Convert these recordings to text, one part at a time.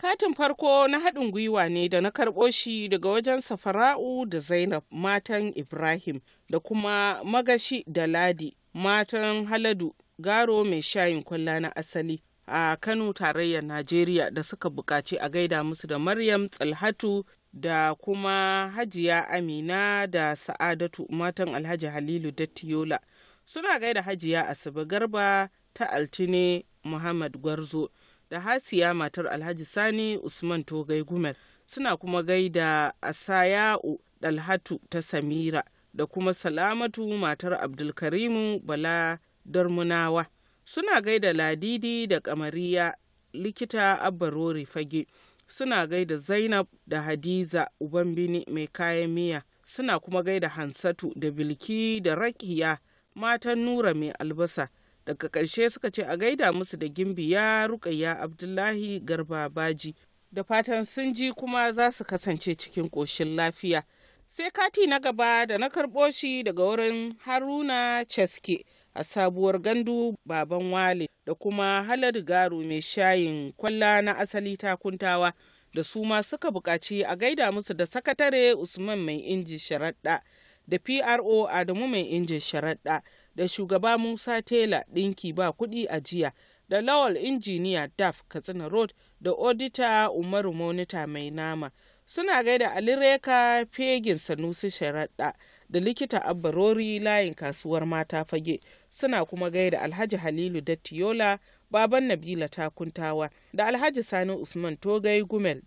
Katin farko na haɗin gwiwa ne da na karɓo shi daga wajen Safara'u da Zainab matan Ibrahim da kuma Magashi da Ladi matan Haladu Garo mai shayin kwalla na asali a Kano tarayyar Najeriya da suka buƙaci a gaida musu da Maryam Tsalhatu da kuma Hajiya Amina da Sa'adatu matan Alhaji Halilu Dattiyola suna gaida Hajiya Asabe Garba ta Altine Muhammad Gwarzo. da hasiya matar alhaji sani usman togai gumel suna kuma gaida asaya'u dalhatu ta samira da kuma salamatu matar abdulkarimu bala darmunawa suna gaida ladidi da kamariya likita abbarori fage suna gaida zainab da hadiza ubambini mai kayan miya suna kuma gaida hansatu da bilki da rakiya matan nura mai albasa daga ƙarshe suka ce a gaida musu da gimbi ya rukayya abdullahi garba baji da fatan sun ji kuma za su kasance cikin ƙoshin lafiya sai kati na gaba da na karɓo shi daga wurin haruna ceske a sabuwar gandu baban wale da kuma halar garu mai shayin kwalla na asali takuntawa da su ma suka buƙaci a gaida musu da sakatare usman mai inji sharaɗa da pro adamu mai injin sharaɗa da shugaba Musa Tela ɗinki ba kuɗi a jiya da Lawal Injiniya Daf Katsina Road da Odita Umaru Monita Mai Nama. Suna gaida Alireka Fegin Sanusi Sharaɗa da likita Abbarori layin kasuwar mata fage suna kuma gaida Alhaji Halilu Dattiyola Baban Nabila Takuntawa da Alhaji Sani Usman Togai Gumel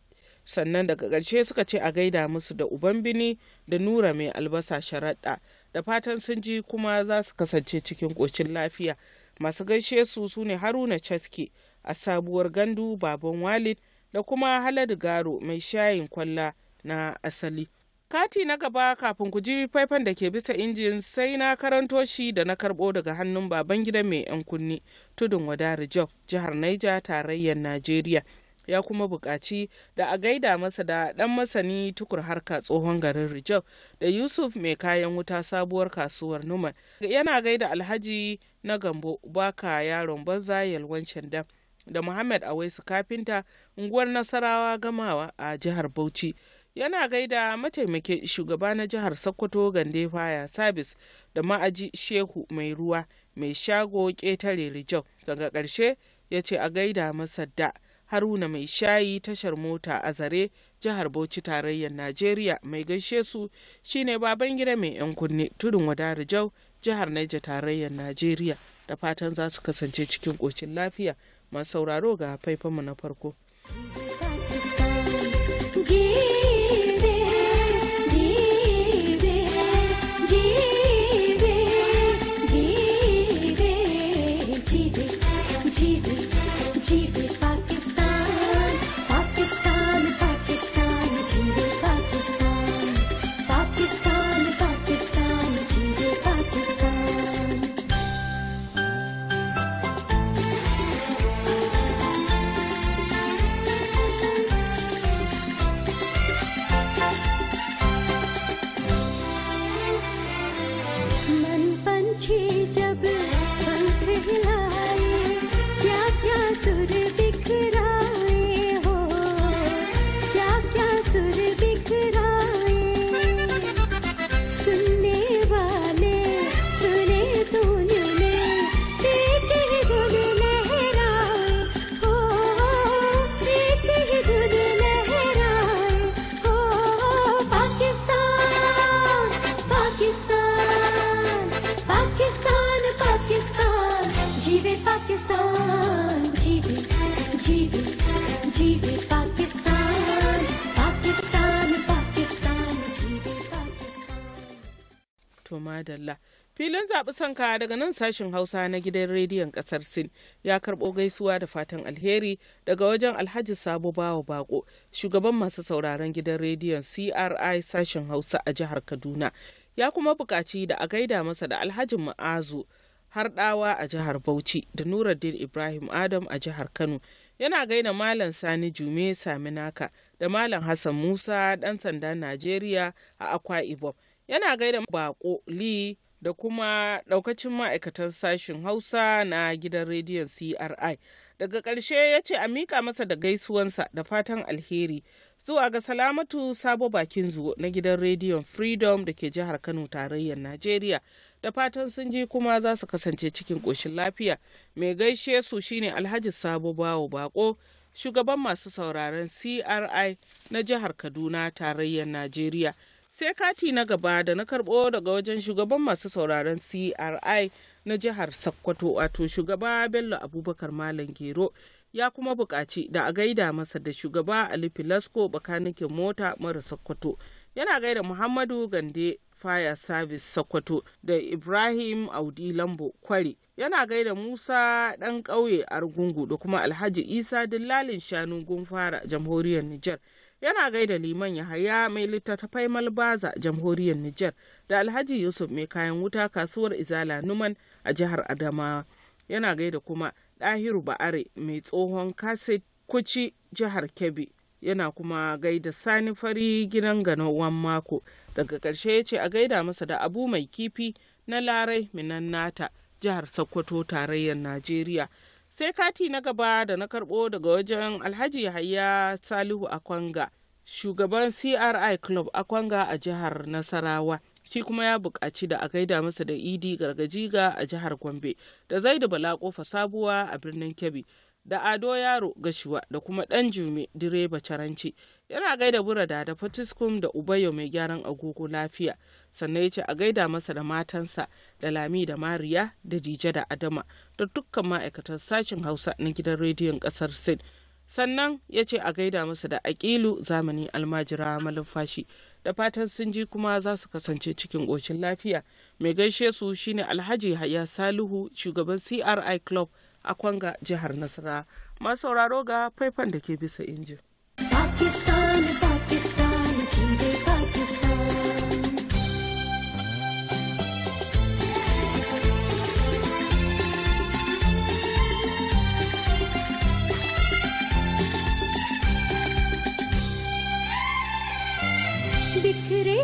sannan daga ƙarshe suka ce a gaida musu da uban bini da nura mai albasa sharaɗa da fatan sun ji kuma za su kasance cikin ƙocin lafiya masu gaishe su su ne haruna caske a sabuwar gandu baban walid da kuma haladu garo mai shayin kwalla na asali kati na gaba kafin ku ji faifan da ke bisa injin sai na karanto shi da na karbo daga hannun baban gida mai yan kunni tudun wadari job jihar naija tarayyar najeriya ya kuma buƙaci da a gaida masa da ɗan masani tukur harka tsohon garin Rijau da Yusuf mai kayan wuta sabuwar kasuwar Numan. Yana gaida Alhaji na Gambo Baka yaron banza yalwancin dam. da Muhammad Awaisu kafinta unguwar Nasarawa Gamawa a jihar Bauchi. Yana gaida mataimakin shugaba na jihar Sokoto Gande Faya Service da ma'aji Shehu mai ruwa mai shago ƙetare Rijau. Daga ƙarshe ya ce a gaida masa da haruna mai shayi tashar mota a zare jihar bauchi tarayyar najeriya mai gaishe su shine baban gida mai yan kunne tudun wadari jau jihar naija tarayyar najeriya da fatan za su kasance cikin ƙoshin lafiya masu sauraro ga faifanmu na farko. Allah. Filin zaɓi sanka daga nan sashen Hausa na gidan rediyon ƙasar Sin ya karɓo gaisuwa da fatan alheri daga wajen Alhaji Sabo Bawa Bako, shugaban masu sauraron gidan rediyon CRI sashen Hausa a jihar Kaduna. Ya kuma buƙaci da a gaida masa da Alhaji Ma'azu Harɗawa a jihar Bauchi da Nuruddin Ibrahim Adam a jihar Kano. Yana gaina Malam Sani Jume Saminaka da Malam Hassan Musa ɗan sanda Najeriya a Akwa Ibom. yana gaida bako Lee da kuma daukacin ma'aikatan sashen Hausa na gidan rediyon CRI. Daga ƙarshe ya ce a mika masa da gaisuwansa da fatan alheri zuwa ga Salamatu Sabo Bakin Zuwo na gidan rediyon Freedom da ke jihar Kano tarayyar Najeriya. Da fatan sun ji kuma za su kasance cikin ƙoshin lafiya. Mai gaishe su shine Alhaji Sabo Bawo Bako shugaban masu sauraron CRI na jihar Kaduna tarayyar Najeriya. sai kati na gaba da na karbo daga wajen shugaban masu sauraron CRI na jihar Sokoto wato shugaba Bello Abubakar Malam Gero ya kuma buƙaci da a gaida masa da shugaba Ali Filasko bakanikin mota mara Sokoto yana gaida Muhammadu Gande Fire Service Sokoto da Ibrahim Audi Lambo Kwari yana gaida Musa ɗan ƙauye Argungu da kuma Alhaji Isa Dillalin Shanu Gunfara jamhuriyar Nijar. yana gaida liman yahaya mai littattafai malbaza jamhuriyar Nijar, da alhaji yusuf mai kayan wuta kasuwar izala numan a jihar adamawa yana gaida kuma ɗahiru ba'are mai tsohon kase kuci jihar kebbi yana kuma gaida sani fari gidan ganawan mako daga ƙarshe ya ce a gaida masa da abu mai kifi na larai nata jihar sokoto tarayyar najeriya sai kati na gaba da na karbo daga wajen alhaji yahaya salihu akwanga shugaban cri club akwanga a jihar nasarawa shi kuma ya buƙaci da a gaida masa da idi gargajiga a jihar gombe da zaidu bala kofa sabuwa a birnin kebbi da ado yaro gashuwa da kuma dan jume direba caranci yana gaida burada da fatiskum da ubayo mai gyaran agogo lafiya sannan ya ce a gaida masa da matansa da lami da mariya da dije da adama da dukkan ma'aikatar sashen hausa na gidan rediyon kasar sin sannan ya ce a gaida masa da aƙilu zamani almajira malumfashi da fatan sun ji kuma za su kasance cikin ƙoshin lafiya mai gaishe su shine alhaji haya salihu shugaban cri club a kwanga jihar nasara masu sauraro ga faifan da ke bisa injin Pakistan, Pakistan, Pakistan. बिखरे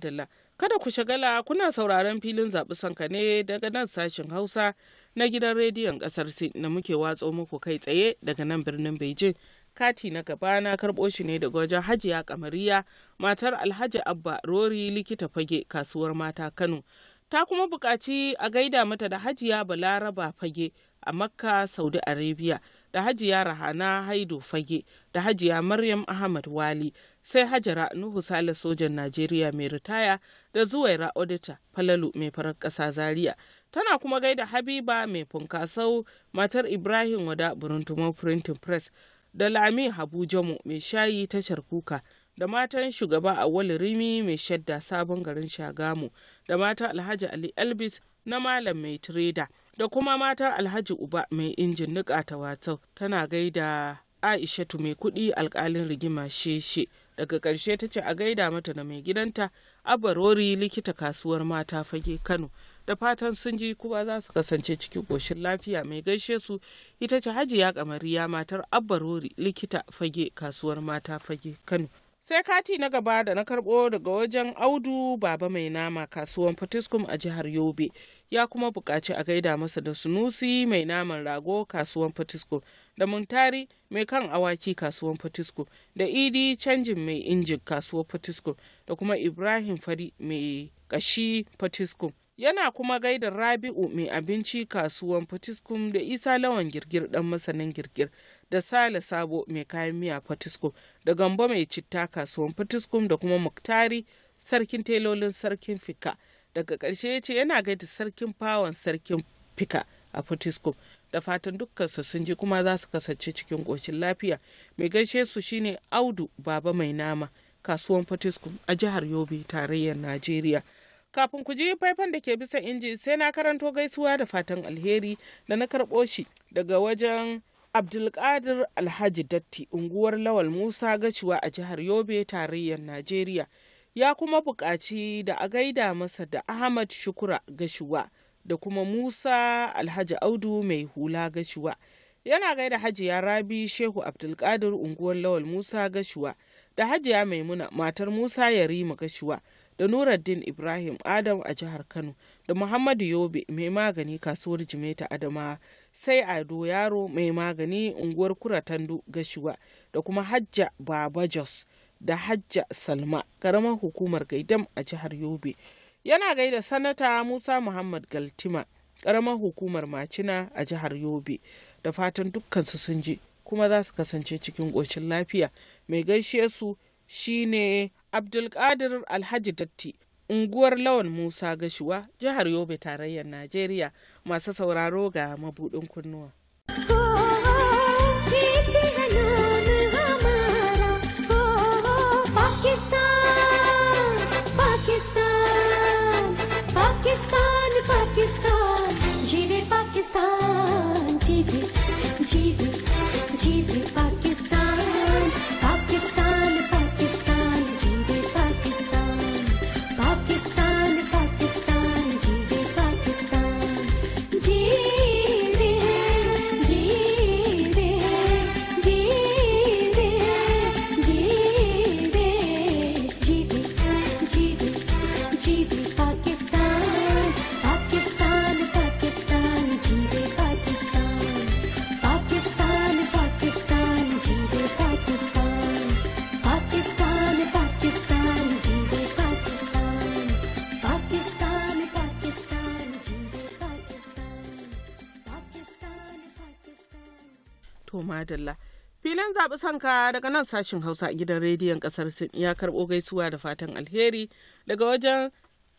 madalla kada ku shagala kuna sauraron filin zaɓi sanka ne daga nan sashen hausa na gidan rediyon ƙasar sin na muke watso muku kai tsaye daga nan birnin beijing kati na gaba na karɓo shi ne daga wajen hajiya kamariya matar alhaji abba rori likita fage kasuwar mata kano ta kuma buƙaci a gaida mata da hajiya balaraba fage a makka saudi arabia da hajiya rahana Haidu fage da hajiya maryam ahmad wali sai hajara nuhu sale sojan najeriya mai ritaya da zuwaira odita falalu mai farar ƙasa zaria tana kuma gaida habiba mai funkasau matar ibrahim wada buruntumo printing press da lami habu jamo mai shayi tashar kuka da matan shugaba awali rimi mai shadda sabon garin shagamu da mata alhaji ali elbis na malam mai tireda da kuma mata alhaji uba mai injin niƙa ta watau tana gaida aishatu mai kuɗi alkalin rigima sheshe daga ƙarshe ta ce a gaida mata da mai gidanta abarori likita kasuwar mata fage kano da fatan sun ji kuma za su kasance cikin ƙoshin lafiya mai gaishe su ita ce hajiya kamariya matar abarori likita fage kasuwar mata fage kano sai kati na gaba da na karbo daga wajen audu baba mai nama kasuwan fatiskum a jihar yobe ya kuma buƙaci a gaida masa da sunusi mai naman rago kasuwan fatiskum da muntari mai kan awaki kasuwan fatiskum da idi canjin mai injin Kasuwan fatiskum da kuma ibrahim fari mai ƙashi fatiskum yana kuma gaida rabi'u mai abinci kasuwan fatiskum da isa lawan girgir dan masanin girgir da sale sabo mai kayan miya fatiskum da gambo mai citta kasuwan fatiskum da kuma muktari sarkin telolin sarkin fika daga ƙarshe ya ce yana gaida sarkin fawon sarkin fika a fatiskum da fatan dukkansu sun ji kuma za su kasance cikin ƙoshin lafiya mai gaishe su shine audu baba mai nama kasuwan fatiskum a jihar yobe tarayyar najeriya Kafin ku ji faifan da ke bisa inji sai na karanto gaisuwa da fatan alheri da na karɓo shi daga wajen Abdulkadir Alhaji Datti unguwar Lawal Musa Gaciwa a jihar Yobe tarayyar Najeriya. Ya kuma buƙaci da a gaida masa da Ahmad Shukura Gashuwa da kuma Musa Alhaji Audu mai hula Gashuwa. Yana gaida Hajiya Rabi Shehu Abdulkadir unguwar Lawal Musa Gashuwa da Hajiya Maimuna matar Musa Yarima Gashuwa da Nuruddin Ibrahim Adam a jihar Kano da Muhammadu Yobe mai magani kasuwar Jimeta Adama sai Ado Yaro mai magani unguwar Kuratandu Gashuwa da kuma Hajja Baba Jos da Hajja Salma karamar hukumar Gaidam a jihar Yobe. Yana gaida sanata Musa Muhammad Galtima karamar hukumar Macina a jihar Yobe da fatan dukkansu sun ji kuma za su kasance cikin lafiya mai gaishe su shine Abdulkadir Alhaji Datti, unguwar Lawan Musa Gashuwa, jihar Yobe, tarayyar Najeriya, masu sauraro ga mabuɗin kunnuwa. जीवे Jeevi, Jeevi, Jeevi, जीवे madalla. Filin zaɓi sanka daga nan sashin Hausa a gidan rediyon ƙasar Sin ya karɓo gaisuwa da fatan alheri daga wajen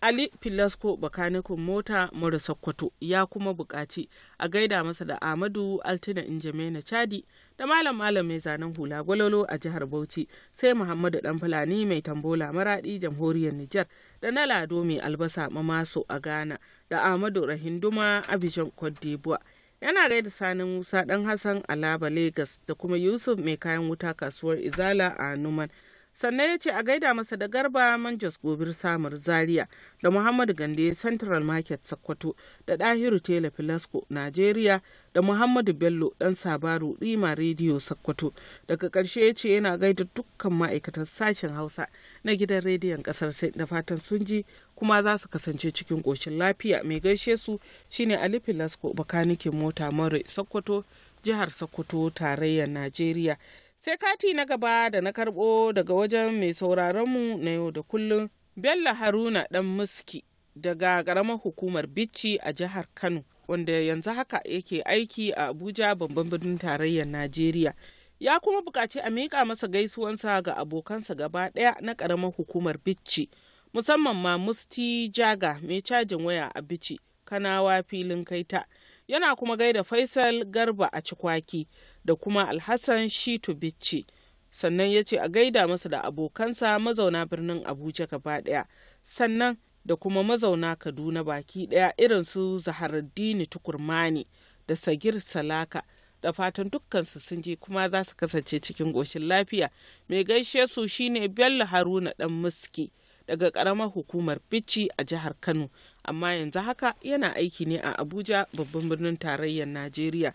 Ali Filasco Bakanikun mota mara Sokoto ya kuma buƙaci a gaida masa da amadu Altina Injamena Chadi da Malam Malam mai zanen hula gwalolo a jihar Bauchi sai Muhammadu Dan Fulani mai tambola maraɗi jamhuriyar Nijar da na Lado mai albasa mamaso a Ghana da Ahmadu Rahinduma Abidjan Cote d'Ivoire yana gaida sani musa dan hassan alaba lagos da kuma yusuf mai kayan wuta kasuwar izala a numan sannan ya ce a gaida masa da garba manjas gobir samar zaria da muhammadu gande central market sakkwato da dahiru tela filasco nigeria da muhammadu bello dan sabaru rima Radio sakkwato daga karshe ya ce yana gaida dukkan ma'aikatan sashen hausa na gidan rediyon ƙasar sai da fatan sun ji kuma za su kasance cikin koshin lafiya mai gaishe su shine ali filasco bakanikin mota mara sakkwato jihar sakkwato tarayyar Nigeria. sai kati na gaba da na karbo daga wajen mai sauraronmu na yau da kullum bello haruna dan muski daga karamar hukumar bicci a jihar kano wanda yanzu haka yake aiki a abuja babban birnin tarayyar najeriya ya kuma bukaci a miƙa masa gaisuwansa ga abokansa gaba ɗaya na karamar hukumar bicci musamman ma musti jaga mai cajin waya a bicci kanawa filin kaita yana kuma gaida faisal garba a cikwaki da kuma alhassan shitu bicci sannan ya ce a gaida masa da abokansa mazauna birnin abuja gaba daya sannan da kuma mazauna kaduna baki daya irin su zaharaddini tukurmani da sagir salaka da fatan dukkansu sun je kuma za su kasance cikin goshin lafiya mai gaishe su shine bello haruna dan muski daga karamar hukumar Bichi a jihar kano amma yanzu haka yana aiki ne a abuja babban birnin tarayyar najeriya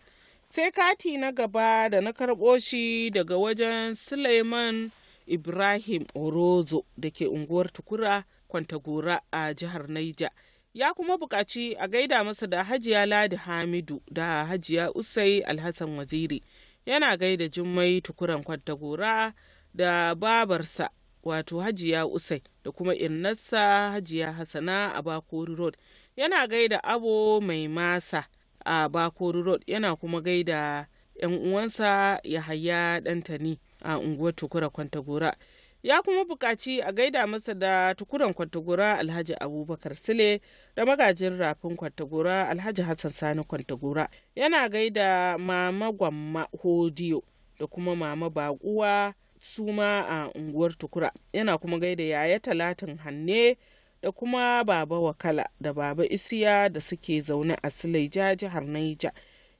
sai kati na gaba da na karɓo shi daga wajen suleiman ibrahim orozo da ke unguwar tukura kwantagora a jihar naija ya kuma buƙaci a gaida masa da hajiya ladi hamidu da hajiya usai alhassan waziri yana gaida jummai tukuran kwantagora da babarsa wato hajiya usai da kuma innarsa hajiya hassana a bakori road yana gaida abo mai masa a bakori road yana kuma gaida 'yan uwansa ya haya ɗantani a unguwar tukura kwantagora ya kuma buƙaci a gaida masa da tukuran kwantagora alhaji abubakar sile da magajin rafin kwantagora alhaji hassan sani kwantagora yana gaida mama gwamma hodiyo da kuma mama baƙuwa suma a unguwar tukura yana kuma gaida yaya talatin hanne da kuma baba wakala da baba isiya da suke zaune a silaija jihar naija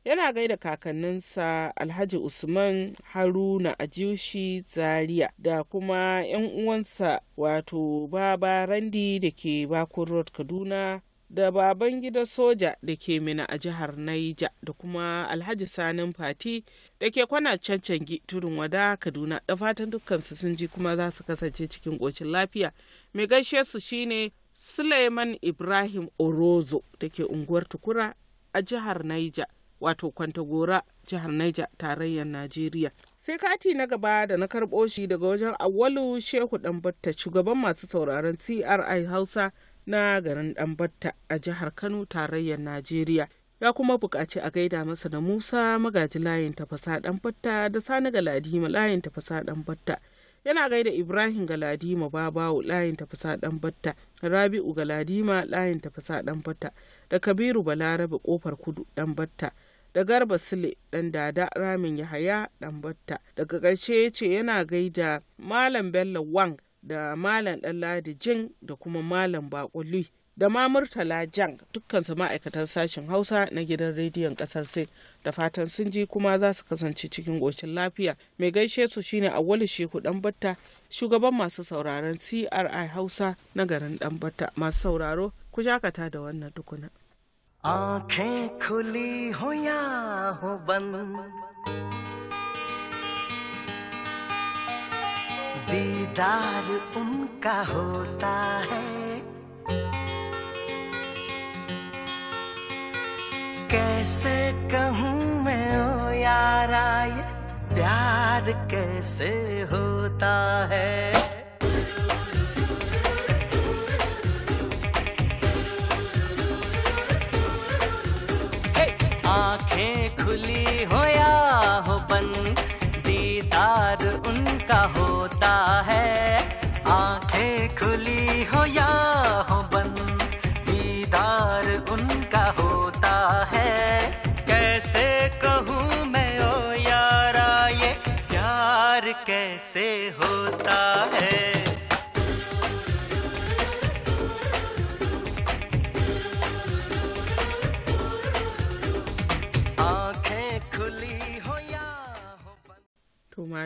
yana gaida kakanninsa alhaji usman haruna ajiushi zaria da kuma 'yan uwansa wato baba randi da ke bakun road kaduna da baban gida soja da ke mina a jihar Naija da kuma Alhaji Sanin Fati da ke kwana cancangi tudun wada Kaduna da fatan dukkansu sun ji kuma za su kasance cikin ƙocin lafiya. Mai gaishe su shine Suleiman Ibrahim Orozo da ke unguwar Tukura a jihar Naija wato Kwantagora jihar Naija tarayyar Najeriya. Sai kati na gaba da na karɓo shi daga wajen Awalu Shehu ɗan Ɗanbatta shugaban masu sauraron CRI Hausa na garin danbatta a jihar Kano tarayyar Najeriya. Ya kuma buƙaci a gaida masa da Musa magaji layin tafasa danbatta da Sani Galadima layin tafasa danbatta Yana gaida Ibrahim Galadima Babawo layin tafasa Ɗanbatta, Rabi'u Galadima layin tafasa danbatta da Kabiru Balarabe kofar kudu danbatta da garba sile dan dada ramin yahaya dan batta daga ƙarshe ya ce yana gaida malam bello wang da Malam Ɗanladi Jin da kuma Malam Bakuli da ma Murtala Jan dukkansu ma'aikatan sashen Hausa na gidan rediyon ƙasar sai da fatan sun ji kuma za su kasance cikin ƙoshin lafiya. Mai gaishe su shine Awwalu Shehu batta shugaban masu sauraron CRI Hausa na garin Ɗanbatta masu sauraro ku shakata da wannan dukuna. आंखें दीदार उनका होता है कैसे कहूँ मैं ओ यारा ये प्यार कैसे होता है आंखें खुली हो या हो बंद का होता है आंखें खुली हो या हो बंद दीदार उनका होता है कैसे कहूँ मैं ओ यारा ये प्यार कैसे होता है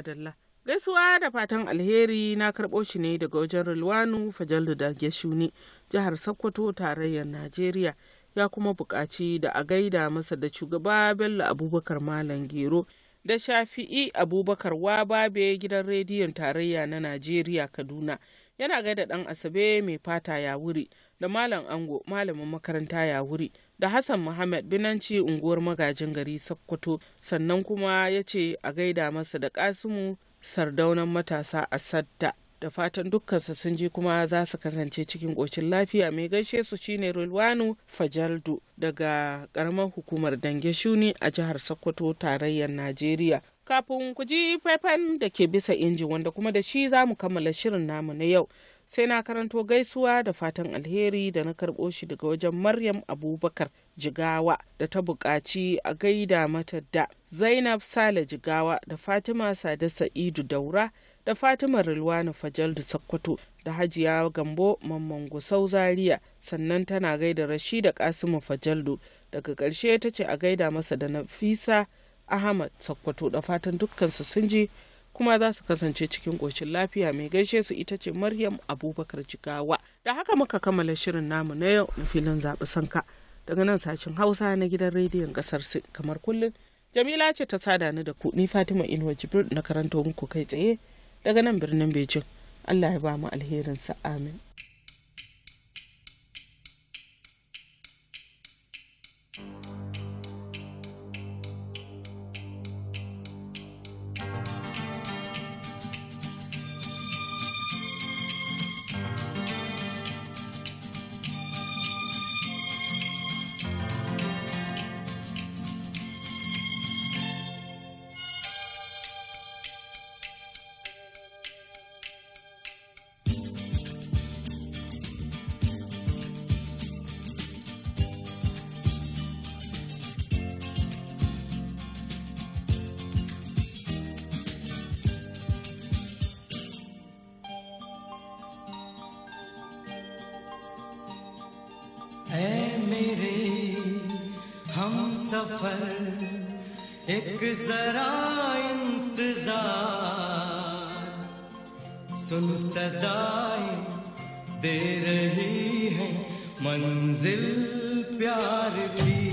to Gaisuwa da fatan alheri na karɓo shi ne daga wajen Rulwanu Fajallu da gashuni jihar Sokoto, tarayyar Najeriya. Ya kuma buƙaci da a gaida masa da shugaba Bello Abubakar Malam Gero da Shafi'i Abubakar Wababe gidan rediyon tarayya na Najeriya Kaduna. Yana gaida ɗan Asabe mai fata ya wuri da Malam Ango malamin makaranta ya wuri da Hassan Muhammad Binanci unguwar magajin gari Sokoto sannan kuma yace a gaida masa da Kasimu sardaunan matasa a sadda da fatan dukkansa sun ji kuma za su kasance cikin ƙoshin lafiya mai gaishe su shine rulwanu fajaldu daga ƙaramar hukumar dange shuni a jihar sokoto tarayyar najeriya kafin ku ji faifan da ke bisa injin wanda kuma da shi za mu kammala shirin namu na yau sai na karanto gaisuwa da fatan alheri da na karɓo shi daga wajen maryam abubakar jigawa da ta buƙaci a gaida mata da zainab sale jigawa da fatima sada sa'idu daura da fatima rilwani fajal da sakkwato da hajiya gambo mamman gusau zaria sannan tana gaida rashi da kasimu fajaldu daga ƙarshe ta ce a gaida masa da nafisa ahmad sakkwato da fatan dukkansu sun ji kuma za su kasance cikin ƙoshin lafiya mai gaishe su ita ce maryam abubakar jigawa da haka muka kammala shirin namu na yau na filin zaɓi sanka daga nan sashen hausa na gidan rediyon ƙasar sin kamar kullum jamila ce ta sada ni da ku ni fatima inuwa jibril na karanto muku kai tsaye daga nan birnin bejin allah ya ba mu alherinsa amin मेरे हम सफर एक जरा इंतजार सुन सदाए दे रही है मंजिल प्यार की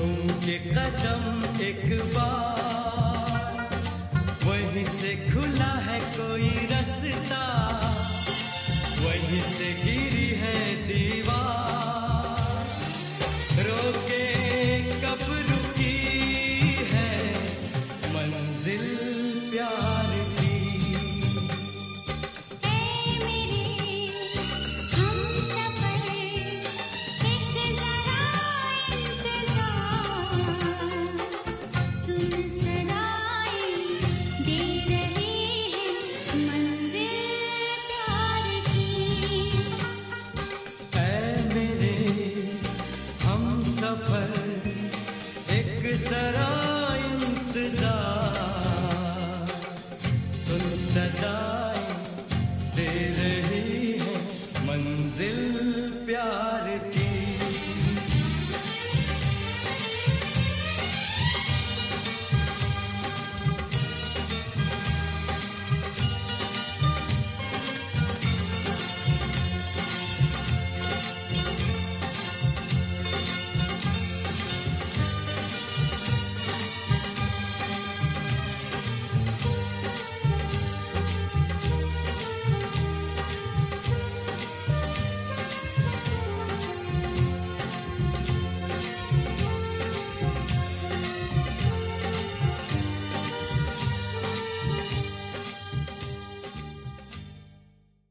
के कदम एक बार वहीं से खुला है कोई रास्ता वहीं से गिरी है दीवार रोके sada